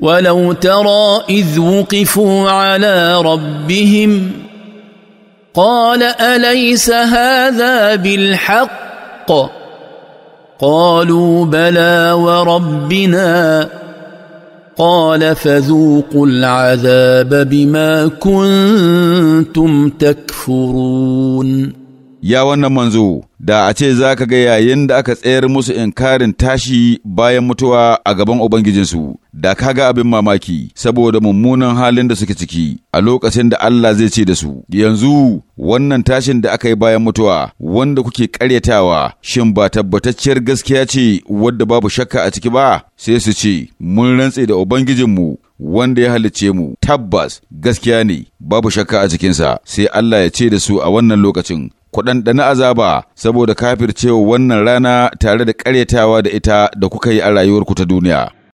ولو ترى اذ وقفوا على ربهم قال اليس هذا بالحق قالوا بلى وربنا قال فذوقوا العذاب بما كنتم تكفرون ya wannan manzo, da a ce za ka ga yayin da aka tsayar musu in karin tashi bayan mutuwa a gaban Ubangijinsu, da ka ga abin mamaki saboda mummunan halin da suke ciki a lokacin da Allah zai ce da su, yanzu wannan tashin da aka yi bayan mutuwa wanda kuke karyatawa shin ba tabbatacciyar gaskiya ce wadda babu shakka a ciki ba sai su ce mun rantse da ubangijinmu wanda ya halicce mu tabbas gaskiya ne babu shakka a cikinsa sai Allah ya ce da su a wannan lokacin ku ɗanɗani azaba saboda kafircewa wannan rana tare da ƙaryatawa da ita da kuka yi a rayuwarku ta duniya.